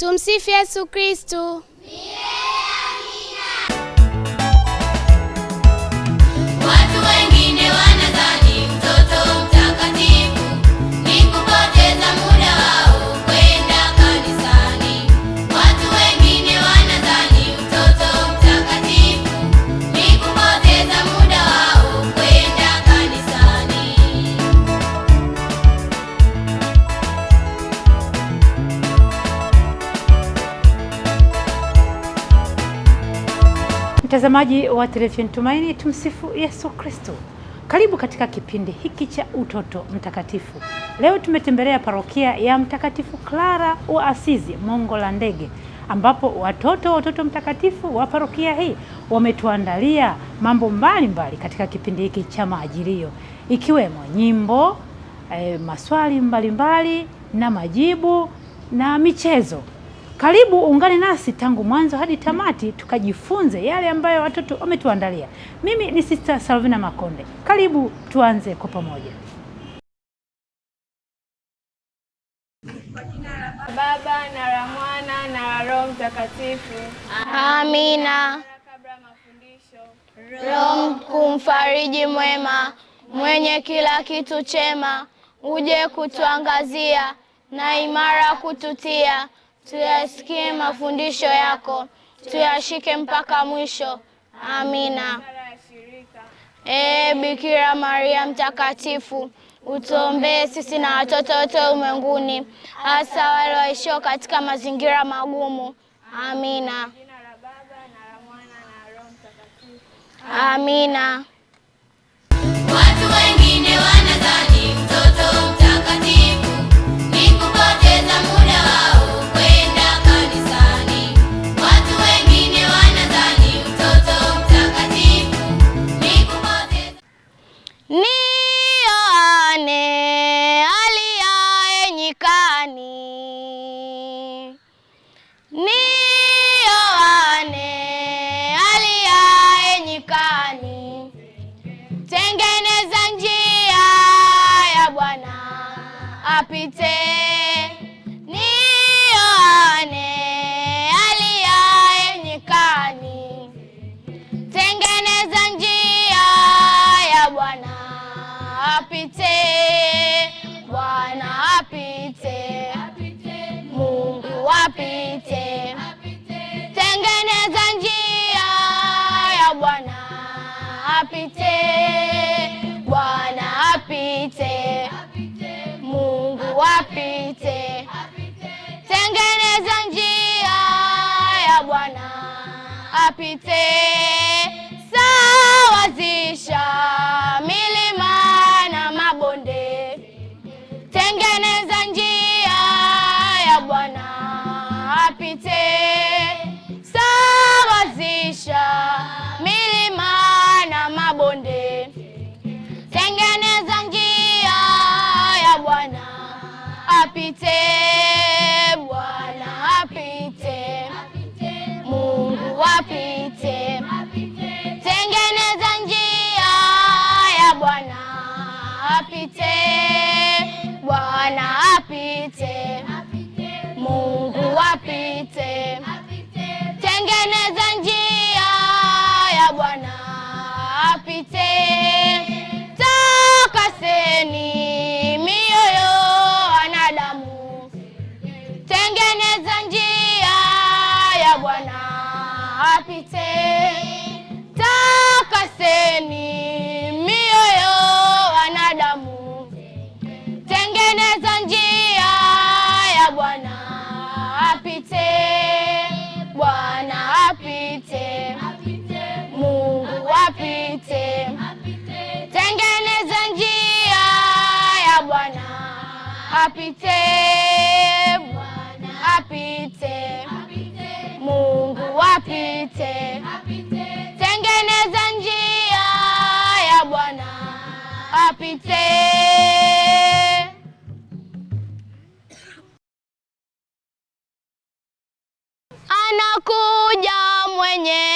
Tumsifu Yesu Kristu. Mtazamaji wa Television Tumaini, tumsifu Yesu Kristo. Karibu katika kipindi hiki cha Utoto Mtakatifu. Leo tumetembelea parokia ya Mtakatifu Clara wa Asizi, Mongo la Ndege, ambapo watoto wa Utoto Mtakatifu wa parokia hii wametuandalia mambo mbalimbali mbali katika kipindi hiki cha Majilio, ikiwemo nyimbo e, maswali mbalimbali mbali, na majibu na michezo. Karibu uungane nasi tangu mwanzo hadi tamati, tukajifunze yale ambayo watoto wametuandalia. Mimi ni Sister Salvina Makonde, karibu tuanze kwa pamoja. Baba na la Mwana na la Roho Mtakatifu. Amina. Kabla mafundisho, Roho kumfariji mwema mwenye kila kitu chema, uje kutuangazia na imara kututia tuyasikie mafundisho yako, tuyashike mpaka mwisho. Amina. Ee Bikira Maria mtakatifu, utuombee sisi na watoto wote ulimwenguni, hasa wale waishio katika mazingira magumu. Amina. Amina. Watu wengine wanadhani apite, Mungu apite, tengeneza njia ya Bwana apite, sawazisha apite, Bwana apite, Mungu apite, tengeneza njia apite apite Mungu apite, tengeneza njia ya Bwana apite. Anakuja mwenye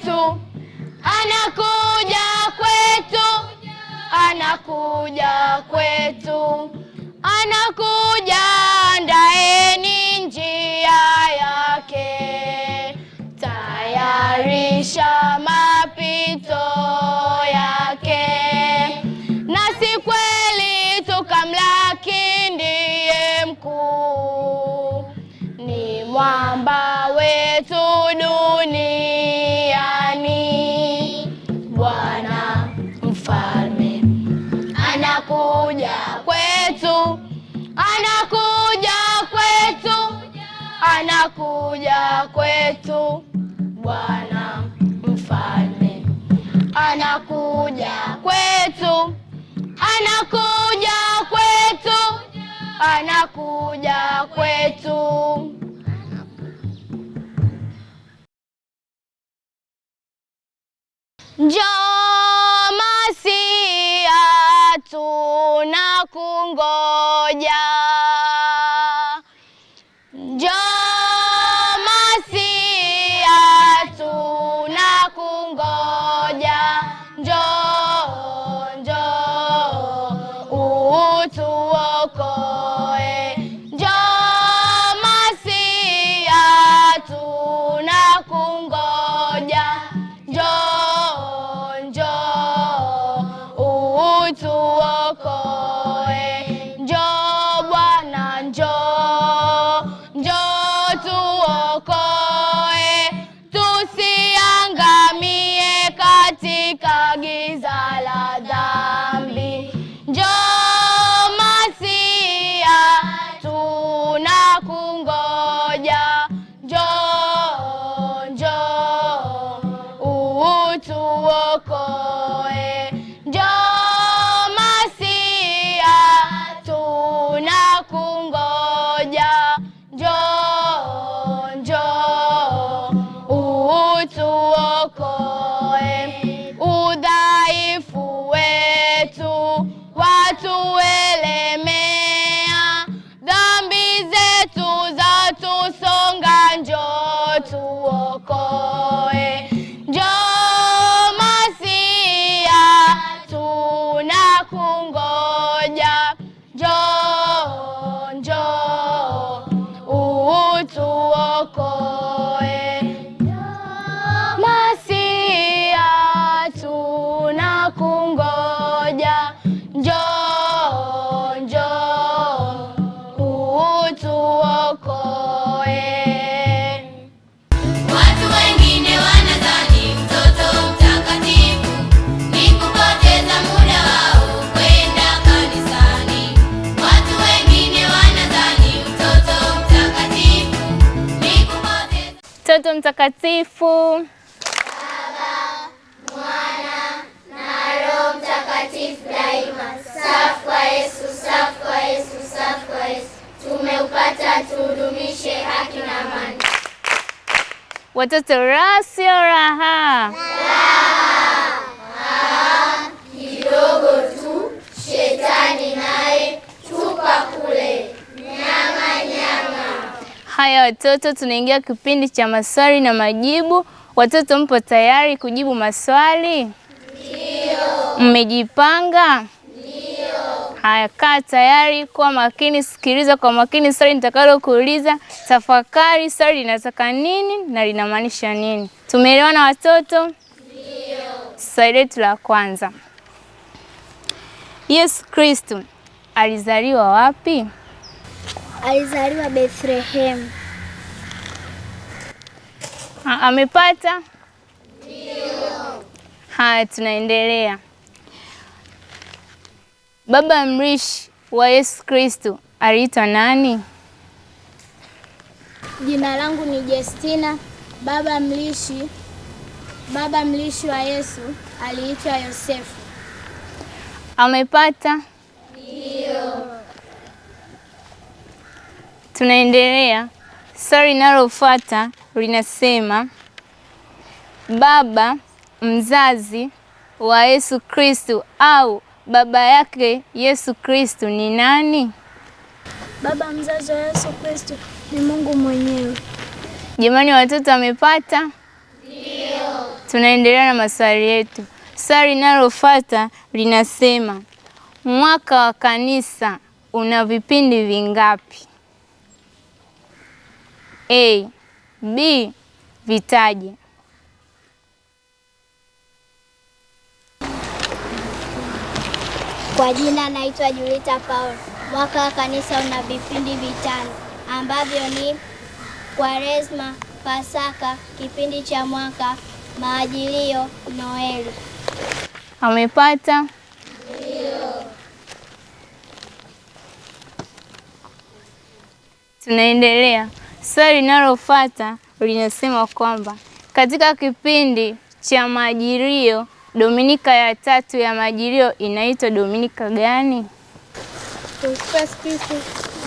kwetu, anakuja kwetu, anakuja kwetu, anakuja ndaye anakuja kwetu, anakuja kwetu. Njoo Masia, tunakungoja. Mtakatifu. Baba, Mwana na Roho Mtakatifu daima. Safu kwa Yesu, safu kwa Yesu, safu kwa Yesu. Tumeupata, tuhudumishe haki na amani. Watoto raha sio raha kidogo tu, shetani naye haya watoto, tunaingia kipindi cha maswali na majibu. Watoto mpo tayari kujibu maswali? Ndio. Mmejipanga? Ndio. Haya, kaa tayari, kuwa makini, sikiliza kwa makini swali nitakalokuuliza, tafakari swali linataka nini na linamaanisha nini. Tumeelewana watoto? Ndio. Swali letu la kwanza, Yesu Kristo alizaliwa wapi? Alizaliwa Bethlehemu. Amepata? Ndio. Haya, tunaendelea. Baba mrishi wa Yesu Kristo aliitwa nani? Jina langu ni Justina. Baba mlishi, baba mlishi wa Yesu aliitwa Yosefu. Amepata? Ndio. Tunaendelea. Swali linalofuata linasema baba mzazi wa Yesu Kristu au baba yake Yesu Kristu ni nani? Baba mzazi wa Yesu Kristu ni Mungu mwenyewe. Jamani, watoto wamepata? Ndio. Tunaendelea na maswali yetu. Swali linalofuata linasema mwaka wa kanisa una vipindi vingapi? A. B. Vitaji. Kwa jina naitwa Julita Paul. Mwaka wa kanisa una vipindi vitano ambavyo ni Kwaresma, Pasaka, kipindi cha mwaka, maajilio, Noeli. Amepata? Tunaendelea. Swali linalofuata linasema kwamba katika kipindi cha Majilio, Dominika ya tatu ya Majilio inaitwa Dominika gani?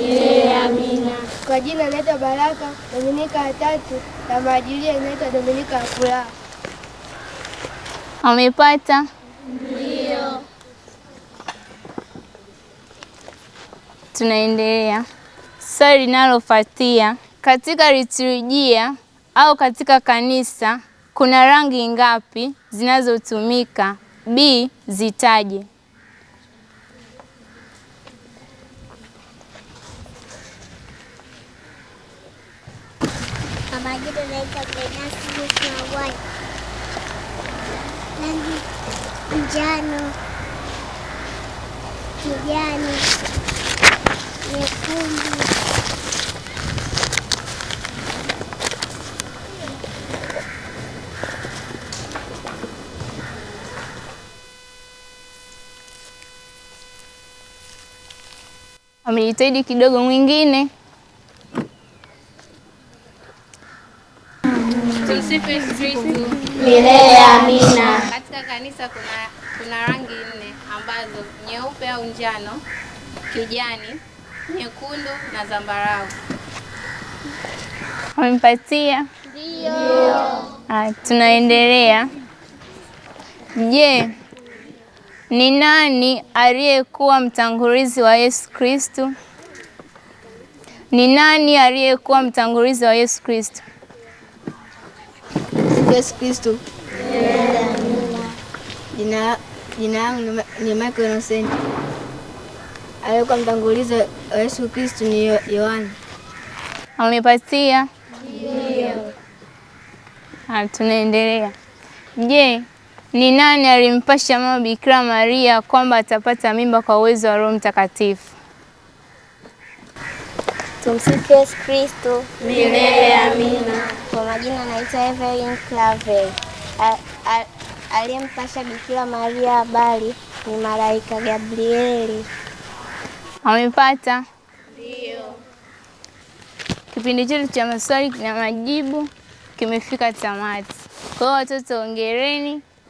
Ee Kwa jina naitwa Baraka. Dominika ya tatu ya Majilio inaitwa Dominika ya furaha. Amepata? Ndio. Tunaendelea. Swali linalofuatia katika liturujia au katika kanisa kuna rangi ngapi zinazotumika? B, zitaje. Njano, kijani, nyekundu amejitahidi kidogo, mwingine Yesu Kristo milele. Amina. Katika kanisa kuna, kuna rangi nne ambazo nyeupe au njano, kijani, nyekundu na zambarau. Amempatia? Ndio. Ah, tunaendelea. Je, yeah. Ni nani aliyekuwa mtangulizi wa Yesu Kristo? Ni nani aliyekuwa mtangulizi wa Yesu Kristo? Yesu Kristo. Jina langu ni Michael Innocent. Aliyekuwa mtangulizi wa Yesu Kristo ni Yohana. Amepatia? Ndio. Ah, tunaendelea. Je, ni nani alimpasha mama Bikira Maria kwamba atapata mimba kwa uwezo wa Roho Mtakatifu? Tumsifu Yesu Kristo, milele amina. Kwa majina naitwa Evelyn Clave. Aliyempasha Bikira Maria habari ni malaika Gabrieli. amepata Ndio. Kipindi chetu cha maswali na majibu kimefika tamati. Kwa hiyo watoto, ongereni.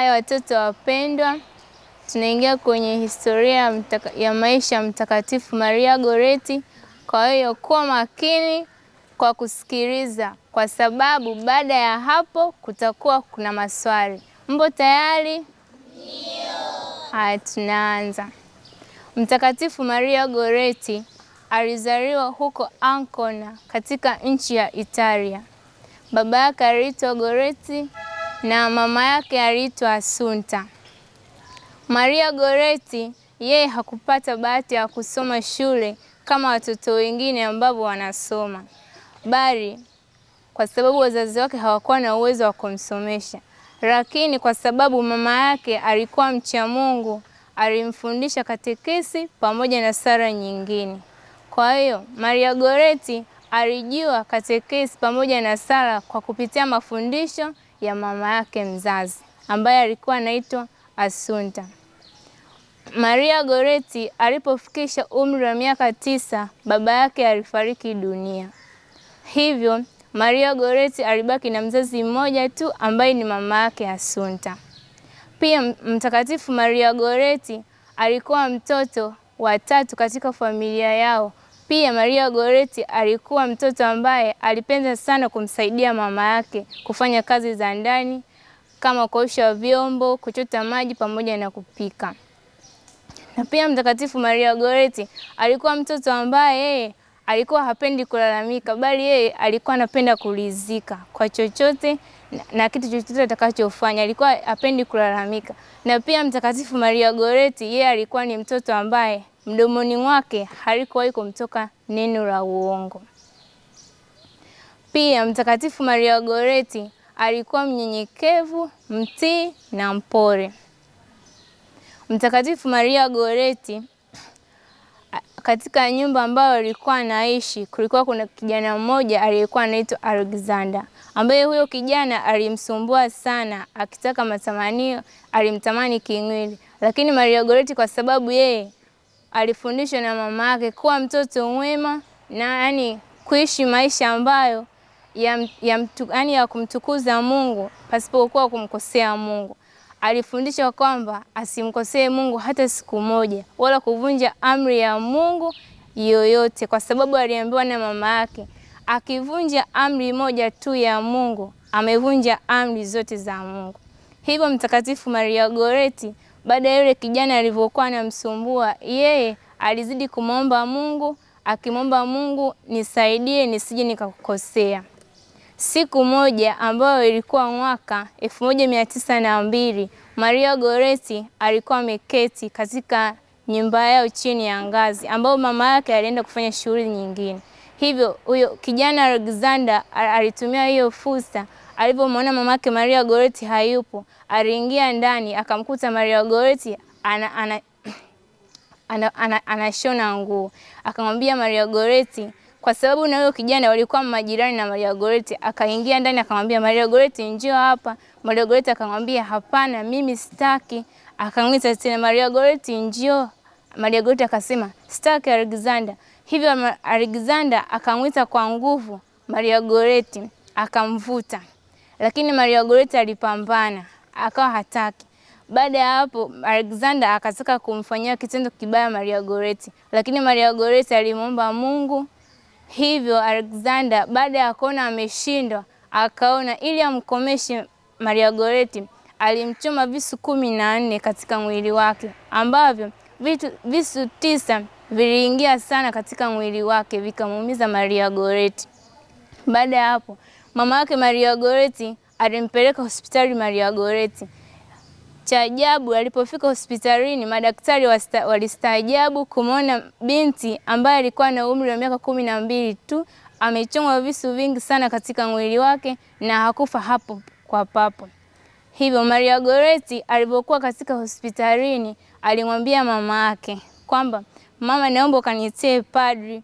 Haya watoto wapendwa, tunaingia kwenye historia mtaka, ya maisha Mtakatifu Maria goreti Kwa hiyo kuwa makini kwa kusikiliza, kwa sababu baada ya hapo kutakuwa kuna maswali. Mbo tayari? Ndio. Haya, tunaanza. Mtakatifu Maria goreti alizaliwa huko Ancona katika nchi ya Italia. Baba yake aliitwa Goretti na mama yake aliitwa sunta Maria Goretti yeye hakupata bahati ya kusoma shule kama watoto wengine ambao wanasoma, bali kwa sababu wazazi wake hawakuwa na uwezo wa kumsomesha, lakini kwa sababu mama yake alikuwa mcha Mungu, alimfundisha katekesi pamoja na sara nyingine. Kwa hiyo Maria Goretti alijua katekesi pamoja na sala kwa kupitia mafundisho ya mama yake mzazi ambaye alikuwa anaitwa Asunta. Maria Goretti alipofikisha umri wa miaka tisa, baba yake alifariki dunia. Hivyo Maria Goretti alibaki na mzazi mmoja tu ambaye ni mama yake Asunta. Pia Mtakatifu Maria Goretti alikuwa mtoto wa tatu katika familia yao pia Maria Goretti alikuwa mtoto ambaye alipenda sana kumsaidia mama yake kufanya kazi za ndani kama kuosha vyombo, kuchota maji pamoja na kupika. Na pia Mtakatifu Maria Goretti alikuwa mtoto ambaye yeye alikuwa hapendi kulalamika, bali yeye alikuwa anapenda kuridhika kwa chochote na, na kitu chochote atakachofanya alikuwa hapendi kulalamika. Na pia Mtakatifu Maria Goretti yeye alikuwa ni mtoto ambaye mdomoni mwake halikuwahi kumtoka neno la uongo. Pia Mtakatifu Maria Goreti alikuwa mnyenyekevu, mtii na mpole. Mtakatifu Maria Goreti, katika nyumba ambayo alikuwa anaishi, kulikuwa kuna kijana mmoja aliyekuwa anaitwa Alexander, ambaye huyo kijana alimsumbua sana, akitaka matamanio, alimtamani kimwili, lakini Maria Goreti kwa sababu yeye alifundishwa na mama yake kuwa mtoto mwema na yani kuishi maisha ambayo ya, ya, mtu, yani ya kumtukuza Mungu pasipokuwa kumkosea Mungu. Alifundishwa kwamba asimkosee Mungu hata siku moja wala kuvunja amri ya Mungu yoyote, kwa sababu aliambiwa na mama yake akivunja amri moja tu ya Mungu amevunja amri zote za Mungu. Hivyo Mtakatifu Maria Goreti baada ya yule kijana alivyokuwa anamsumbua yeye, alizidi kumwomba Mungu, akimwomba Mungu, nisaidie nisije nikakukosea. Siku moja ambayo ilikuwa mwaka elfu moja mia tisa na mbili Maria goreti alikuwa ameketi katika nyumba yao chini ya ngazi, ambayo mama yake alienda kufanya shughuli nyingine. Hivyo huyo kijana Alexander alitumia hiyo fursa, alipomwona yake Maria goreti hayupo aliingia ndani akamkuta Maria Goretti ana, ana, ana, ana, ana, anashona nguo. Akamwambia Maria Goretti kwa sababu na huyo kijana walikuwa majirani na Maria Goretti. Akaingia ndani akamwambia Maria Goretti, njoo hapa. Maria Goretti akamwambia hapana, mimi sitaki. Akamwita tena Maria Goretti, njoo. Maria Goretti akasema sitaki Alexander. Hivyo Alexander akamwita kwa nguvu Maria Goretti akamvuta, lakini Maria Goretti alipambana akawa hataki. Baada ya hapo, Alexander akataka kumfanyia kitendo kibaya Maria Goretti, lakini Maria Goreti alimwomba Mungu. Hivyo Alexander baada ya kuona ameshindwa, akaona ili amkomeshe Maria Goretti, alimchoma visu kumi na nne katika mwili wake ambavyo vitu, visu tisa viliingia sana katika mwili wake vikamuumiza Maria Goretti. Baada ya hapo mama yake Maria Goretti alimpeleka hospitali Maria Goreti. Cha ajabu, alipofika hospitalini madaktari walistaajabu kumwona binti ambaye alikuwa na umri wa miaka kumi na mbili tu, amechomwa visu vingi sana katika mwili wake na hakufa hapo kwa papo. Hivyo Maria Goreti alipokuwa katika hospitalini alimwambia mama yake kwamba mama, naomba ukanitie padri.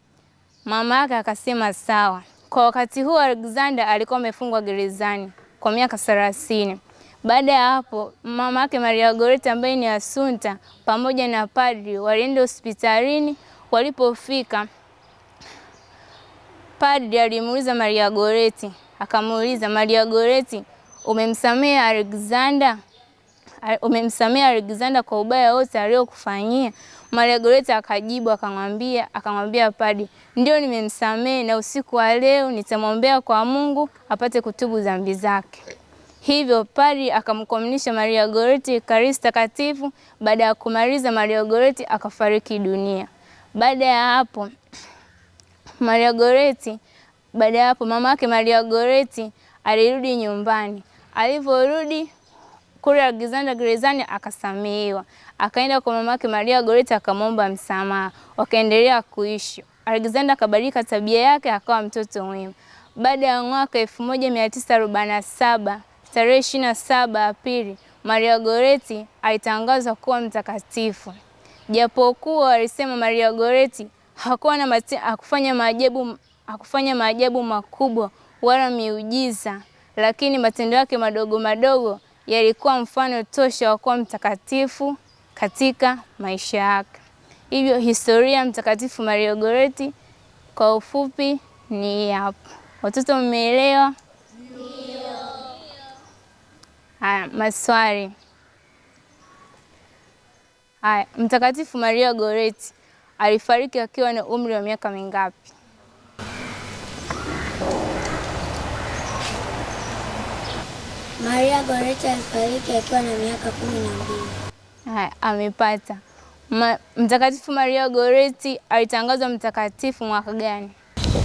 Mama yake akasema sawa. Kwa wakati huo Alexander alikuwa amefungwa gerezani kwa miaka thelathini. Baada ya hapo mama yake Maria Goreta ambaye ni Asunta pamoja na padri walienda hospitalini. Walipofika padri alimuuliza Maria Goreti, akamuuliza Maria Goreti, umemsamehe Alexander, umemsamehe Alexander kwa ubaya wote aliyokufanyia? Goreta akajibu akamwambia akamwambia padi, ndio nimemsamehe na usiku wa leo nitamwombea kwa Mungu apate kutubu dhambi zake. Hivyo padi akamkomunisha Maria Goreti Ekaristi Takatifu. Baada ya kumaliza, Maria Goreti akafariki dunia. Baada ya hapo Maria Goreti, baada ya hapo mama yake Maria Goreti alirudi nyumbani. Alivyorudi kule Alexander gerezani akasamehewa akaenda kwa yake Maria Goreta akamwomba msamaha, wakaendelea kuishi. Alexander akabadilika tabia yake akawa mtoto mwema. Baada ya mwaka 1947 tarehe 27 Aprili, Maria Goreti alitangazwa kuwa mtakatifu, japokuwa walisema Maria Goreti hakuwa na hakufanya maajabu hakufanya maajabu makubwa wala miujiza, lakini matendo yake madogo madogo yalikuwa mfano tosha wa kuwa mtakatifu katika maisha yake. Hivyo historia Mtakatifu Maria Goretti kwa ufupi ni hapa. Watoto mmeelewa? Ndio. Haya, maswali. Haya, Mtakatifu Maria Goretti alifariki akiwa na umri wa miaka mingapi? Maria Goretti alifariki akiwa na miaka kumi na mbili. Haya, amepata. Ma, Mtakatifu Maria Goretti alitangazwa mtakatifu mwaka gani?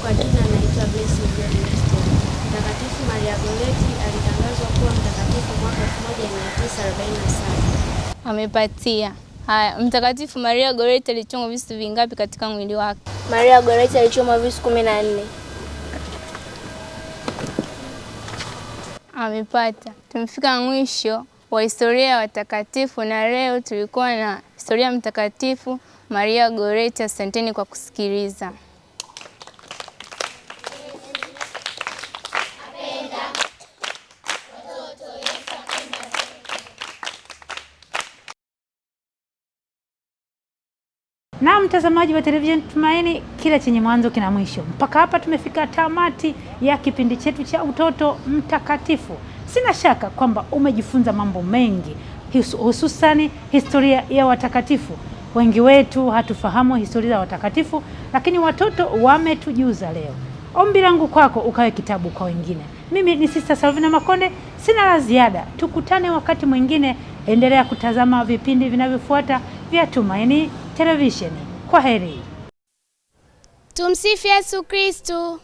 Kwa jina anaitwa Blessed John Mtakatifu Maria Goretti alitangazwa kuwa mtakatifu mwaka 1947. Amepatia. Haya, Mtakatifu Maria Goretti alichomwa visu vingapi katika mwili wake? Maria Goretti alichomwa visu 14. Amepata. Tumefika mwisho wa historia ya watakatifu, na leo tulikuwa na historia Mtakatifu Maria Goretti. Asanteni kwa kusikiliza. Na mtazamaji wa televisheni Tumaini, kila chenye mwanzo kina mwisho. Mpaka hapa tumefika tamati ya kipindi chetu cha Utoto Mtakatifu. Sina shaka kwamba umejifunza mambo mengi, hususani historia ya watakatifu. Wengi wetu hatufahamu historia ya watakatifu, lakini watoto wametujuza leo. Ombi langu kwako, ukawe kitabu kwa wengine. Mimi ni sista Salvina Makonde, sina la ziada. Tukutane wakati mwingine. Endelea kutazama vipindi vinavyofuata vya Tumaini Televisheni. Kwa heri. Tumsifu Yesu Kristu.